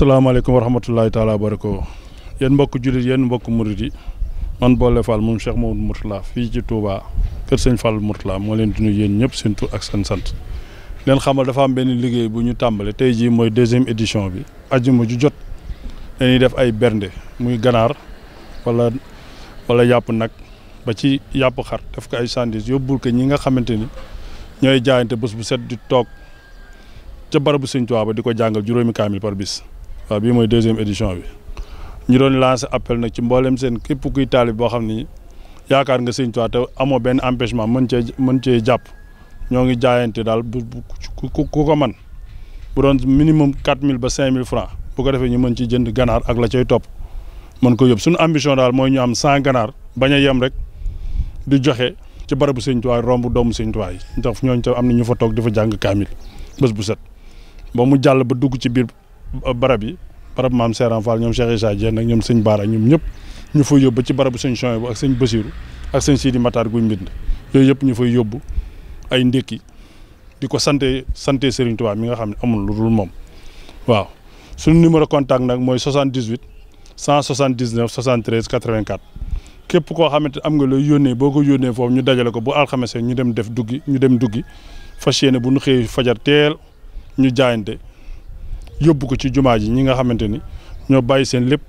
salaamaaleykum wa rahmatullahi taala wa barakoo mbokk jullit yéen mbokk murit yi man Bolle Fall moom Cheikh Mamadou Mourtala fii ci Touba kër sëñ Fall Mourtala moo leen di nuyu yéen ñëpp seen tur ak seen sant leen xamal dafa am benn liggéey bu ñu tàmbale tey jii mooy deuxième édition bi ajuma ju jot dañuy def ay bernde muy ganaar wala yàpp nag ba ci yàpp xar def ko ay sandwich yóbbul ko ñi nga xamante ni ñooy jaayante bés bu set di toog ca barabu sëñ ba di ko jàngal juróomi kaamil par waa bii mooy deuxième édition bi ñu doon lancé appel nag ci mboolem seen képp kuy taalib boo xam ni yaakaar nga sëñ Tuubaa te amoo benn empêchement mën cee mën cee jàpp ñoo ngi jaayante daal bu ku ko man bu doon minimum quatre mille ba cinq mille francs bu ko defee ñu mën ci jënd ganaar la cay topp mën ko yóbbu suñu ambition daal mooy ñu am cent bañ a yem rek di joxe ci barabu sëñ Tuubaa doomu sëñ Tuubaa yi ndax ñooñu tam am na ñu fa toog di fa jàng kaamil bés bu set ba mu jàll ba dugg ci biir barab yi barab maam Seeran Fall ñoom Cheikh Issa Dieng nag ñoom sëñ Baara ñoom ñëpp ñu fay yóbbu ci barabu sëñ Chouaïbou ak sëñ Basiru ak sëñ Sidi Matar guy mbind yooyu yëpp ñu fay yóbbu ay ndékki di ko sante sante Serigne Touba mi nga xam ne amul lu dul moom waaw suñu numéro contact nag mooy 78 179 73 84 képp koo xamante am nga looy yónnee boo ko yónnee foofu ñu dajale ko bu alxames ñu dem def duggi ñu dem duggi fas yéene bu ñu xëy fajar teel ñu jaayante yóbbu ko ci jumaa ji ñi nga xamante ni ñoo bàyyi seen lépp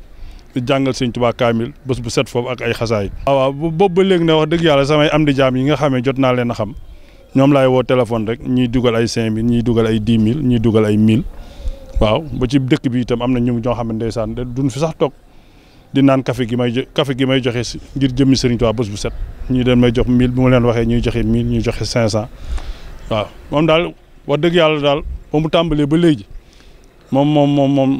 jàngal sëñ Tuubaa kaamil bés bu set foofu ak ay xasaay. waaw boobu ba léegi na wax dëgg yàlla samay am di jaam yi nga xamee jot naa leen a xam ñoom laay woo téléphone rek ñiy dugal ay cinq mille ñiy dugal ay dix mille ñiy dugal ay mille waaw ba ci dëkk bi itam am na ñu ñoo xam ne ndeysaan duñ fi sax toog di naan café gi may café gi may joxe si ngir jëmmi sëriñ Tuubaa bés bu set ñii dem may jox mille bu ma leen waxee ñuy joxe mille ñuy joxe cinq cent waaw moom daal wax dëgg yàlla daal ba mu tàmbalee ba léegi moom moom moom moom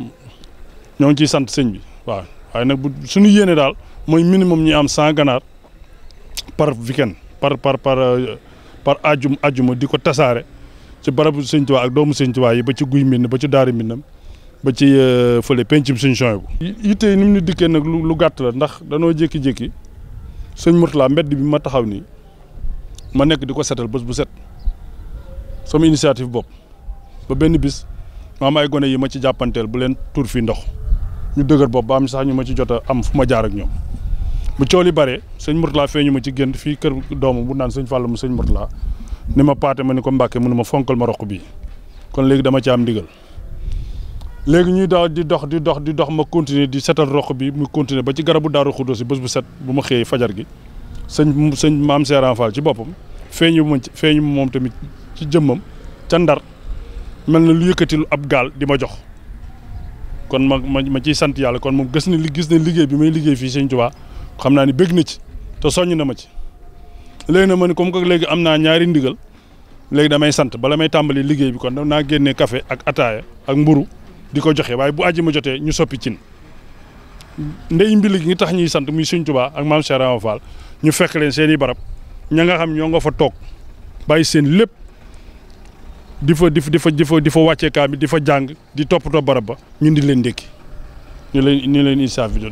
ñoo ngi ciy sant sëñ bi waaw waaye nag bu suñu yéene daal mooy minimum ñi am cent ganaar par weekend par par par euh, par ajum ajuma di ko tasaare ci barabu sëñ Tuubaa ak doomu sëñ Tuubaa yi ba ci guy mbind ba ci daaru mbindam ba ci euh, fële pencum sëñ Suhaybu bu yitte yi ni mu ñu dikkee nag lu gàtt la ndax danoo jékki-jékki sëñ Murtala mbedd bi ma taxaw nii ma nekk di ko setal bés bu set sama initiative bopp ba benn bis ma am ay gone yi ma ci jàppanteel bu leen tur fii ndox ñu dëgër bopp ba am sax ñu ma ci jot am fu ma jaar ak ñoom bu coow li bare sëñ Mourtala feeñu ma ci génn fii kër doomu bu naan sëñ Fallou mu sëñ Mourtala ni ma paate ma ni ko Mbàkke mënu ma fonkal ma roq bii kon léegi dama ci am ndigal léegi ñuy daaw di dox di dox di dox ma continuer di setal roq bi mu continuer ba ci garabu Daaru Xudoos si bés bu set bu ma xëyee fajar gi sëñ sëñ maam Seeraan Fall ci boppam feeñu ma feeñu moom tamit ci jëmmam ca Ndar mel na lu yëkkati ab gaal di ma jox kon ma ma ma ciy sant yàlla kon moom gis na li gis na liggéey bi muy liggéey fii sëñ Tuubaa xam naa ni bég na ci te soññ na ma ci léegi na ma ne comme que léegi am naa ñaari ndigal léegi damay sant bala may tàmbali liggéey bi kon dam naa génne kafe ak ataaya ak mburu di ko joxe waaye bu àjji ma jotee ñu soppi cin ndey mbili gi ngi tax ñuy sant muy sëñ Tuubaa ak maam Cheikh Fall ñu fekk leen seen i barab ña nga xam ñoo nga fa toog bàyyi seen lépp di fa di fa di fa di fa wàccee kaa bi di fa jàng di toppatoo barab ba ñun di leen ndékki ñu leen ñu leen ISRA bi doxee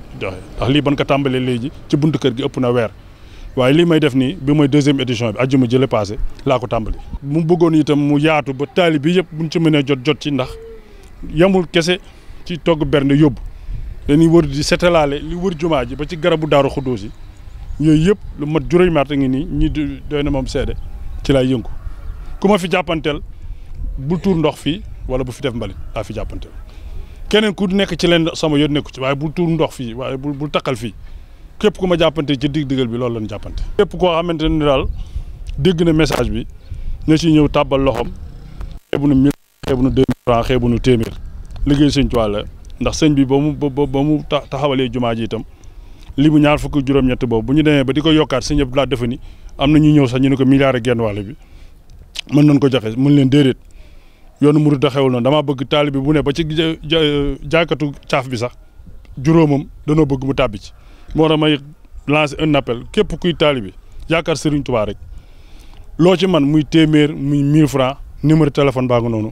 ndax lii ban ko tàmbalee léegi ci buntu kër gi ëpp na weer waaye lii may def nii bi mooy deuxième édition bi ajjuma jële passé laa ko tàmbali. mu bëggoon itam mu yaatu ba taali bi yëpp buñ ci mënee jot jot ci ndax yamul kese ci togg bernde yóbbu dañuy wër di setelaale li wër jumaa ji ba ci garabu daaru xuddoos yi yooyu yëpp lu mat juróomi at ngi nii ñi doy na moom seede ci laay yëngu ku fi jàppanteel bul tuur ndox fii wala bu fi def mbalit laa fi jàppante keneen ku nekk ci leen sama yoon nekku ci waaye bul tuur ndox fii waaye bul bul takkal fii képp ku ma jàppante ci digg digal bi loolu lan jàppante képp koo xamante ne daal dégg na message bi na ci ñëw tàbbal loxoom xeebu nu mille xeebu nu deux mille francs nu téeméer liggéey sëñ Tuubaa la ndax sëñ bi ba mu ba mu taxawalee jumaa ji itam li mu ñaar fukk juróom-ñett boobu bu ñu demee ba di ko yokkaat sëñ laa defe ni am na ñu ñëw sax ñu ne ko milliard genn wàll bi mën nañ ko joxe mu leen déedéet yoonu murid da xewul noonu damaa bëgg taalibe bu ne ba ci jàkkatu caaf bi sax juróomam danoo bëgg mu tàbbi ci moo tax may lancer un képp kuy taalibe yaakaar Serigne Touba rek loo ci man muy téeméer muy 1000 francs numéro téléphone baa noonu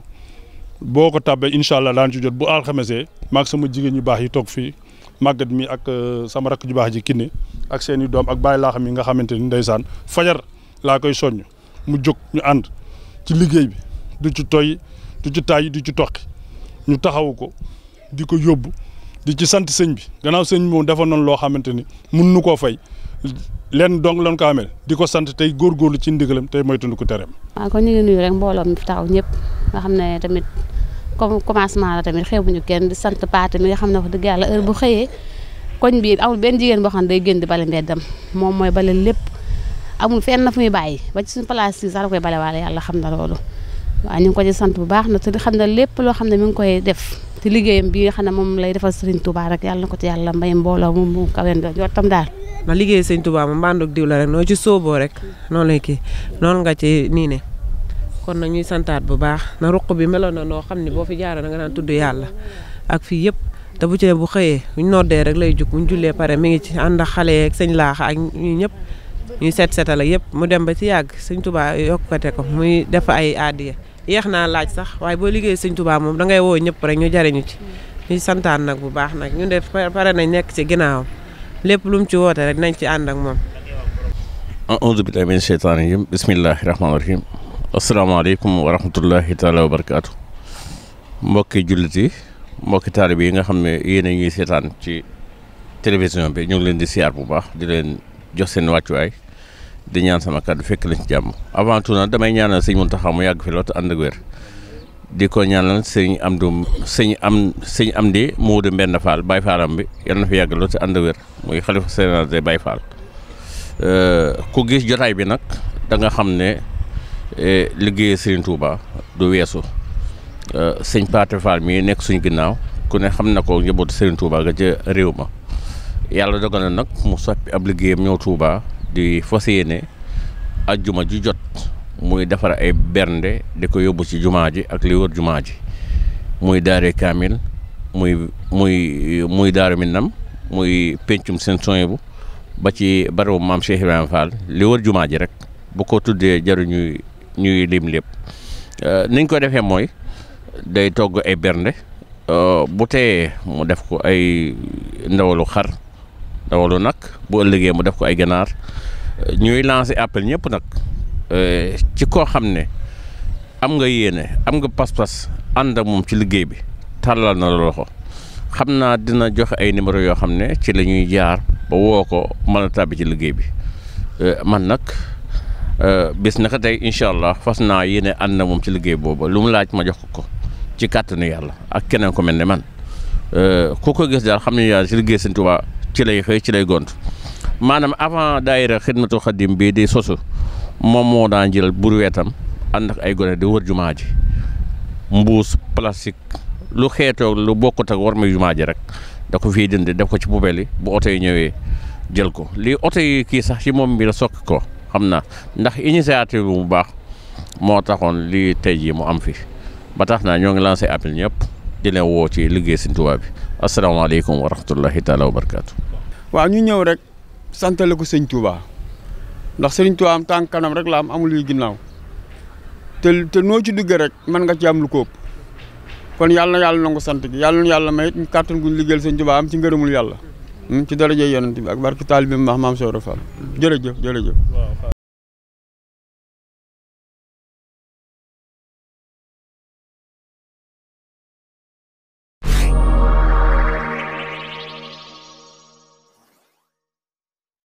boo ko tàbbee incha allah daan ci jot bu alxamesee maag sama jigéen ñu baax yi toog fii màggat mi ak euh, sama rakk ju baax ji kinne ak seen i doom ak baay laaxam xam yi nga xamante ni ndeysaan fajar laa koy soññ mu jóg ñu ànd ci liggéey bi du ci toy du ci tàyyi du ci toqi ñu taxawu ko di ko yóbbu di ci sant sëñ bi gannaaw sëñ bi moom dafa noonu loo xamante ni mun nu koo fay leen donc lan ko amee di ko sant tey góorgóorlu ci ndigalam tey moytuñu ko tereem. waaw kon ñu ngi nuyu rek mbooloo mi fi taxaw ñëpp nga xam ne tamit comme commencement la tamit ñu kenn di sant paate mi nga xam ne wax dëgg yàlla heure bu xëyee koñ bi amul benn jigéen boo xam ne day génn di bale mbeddam moom mooy bale lépp. amul fenn fu muy bàyyi ba ci suñu place yi sax da koy balewaale yàlla xam na loolu waaw ñu ngi ko ci sant bu baax na te di xam ne lépp loo xam ne mi ngi koy def te liggéeyam bi nga xam moom lay defal Serigne Touba rek yàlla na ko ci yàlla mbay mbooloo moom mu kawen do jottam daal ma liggéey Serigne Touba moom mbanduk diw la rek noo ci sóoboo rek noonu lay kii noonu nga ci nii ne kon na ñuy santaat bu baax na ruq bi meloon na noo xam ne boo fi jaara na nga naan tudd yàlla ak fii yëpp te bu ci bu xëyee buñ noddee rek lay jug buñ jullee pare mi ngi ci ànd xale yeeg sëñ laax ak ñi ñëpp ñu seet seetal ak yëpp mu dem ba ci yàgg sëñ Touba yokkate ko mu def ay aadiya yeex naa laaj sax waaye boo liggéey sëñ Touba moom da ngay woo ñëpp rek ñu jariñu ci mm. ñuy santaan nag bu baax nag ñu def pare nañ nekk ci ginaaw lépp lu mu ci woote rek nañ ci ànd ak moom auzu billahi min sheytaani rajim bismillahi rahmaani rahim asalaamaaleykum wa rahmatullahi taala wa barakaatu mbokki jullit yi mbokki taalib yi nga xam ne yéen a ñuy seetaan ci télévision bi ñu ngi leen di siyaar bu baax di leen jox seen wàccuwaay di ñaan sama du fekk lañ ci jàmm avant tout nag damay ñaanal sëñ Mountakha mu yàgg fi lool te ànd ak wér di ko ñaanal sëñ Amdu sëñ am sëñ Amdi Moodu Mbenn Fall Baye Fallam bi yal na fi yàgg lool te ànd ak wér muy xalifa général des Baye Fall euh, ku gis jotaay bi nag danga xam ne e, liggéey Serigne Touba du weesu euh, sëñ Paate Fall mii nekk suñ ginnaaw ku ne xam na ko njabootu Serigne Touba ga ca réew ma yàlla dogal na nag mu soppi ab liggéeyam ñëw Touba. di fas yéene juma ju jot muy defar ay bernde di ko yóbbu ci jumaa ji ak li wër jumaa ji muy daare kaamil muy muy muy daaru Minam muy pencum seen soñ ba ci bariwu maam Cheikh Ibrahima Fall li wër jumaa ji rek bu ko tuddee jaru ñuy ñuy lim lépp euh, niñ ko defee mooy day togg ay bernde euh, bu teyee mu def ko ay ndawalu xar dawalu nag boo liggéey mu def ko ay ganaar ñuy lancer appel ñëpp nag euh, ci koo xam ne am nga yéene am nga pas-pas ànd moom ci liggéey bi tàllal na la loxo xam naa dina joxe ay numéro yoo xam ne ci la ñuy jaar ba woo ko mën a tàbbi ci liggéey bi euh, man nag euh, bis ko tey incha allah fas naa yéene ànd na moom ci liggéey boobu lu mu laaj ma jox ko ci kàttanu yàlla ak keneen ko mel ne man ku ko gis daal xam ne yàlla ci liggéey Sëñ Tuubaa ci lay xëy ci lay gont maanaam avant daayira xidmatu xadim bii di sosu moom moo daan jël burweetam ànd ak ay gone di wër jumaa ji mbuus plastique lu xeetoo lu bokkut ak war ma jumaa ji rek da ko fii dindi def ko ci poubelle yi bu oto yi ñëwee jël ko lii oto yi kii sax ci moom bi la sokk ko xam na ndax initiative bu baax moo taxoon lii tey jii mu am fi ba tax naa ñoo ngi lancé appel ñëpp di woo ci liggéey Sëñ Tuubaa bi asalaamaaleykum wa rahmatullahi taala wa waa ñu ñëw rek santale ko sëñ Touba ndax sëriñ Touba am tànk kanam rek laam amul yu ginnaaw te te noo ci duggee rek mën nga ci am lu kóob kon yàlla na yàlla nangu sant gi yàlla yàlla may ñu kàttan guñ liggéeyal sëñ Touba am ci ngërëmul yàlla. Hmm, ci daraja yonent bi ak barki taalibe bi Maam soo Ibra Fall jërëjëf jërëjëf.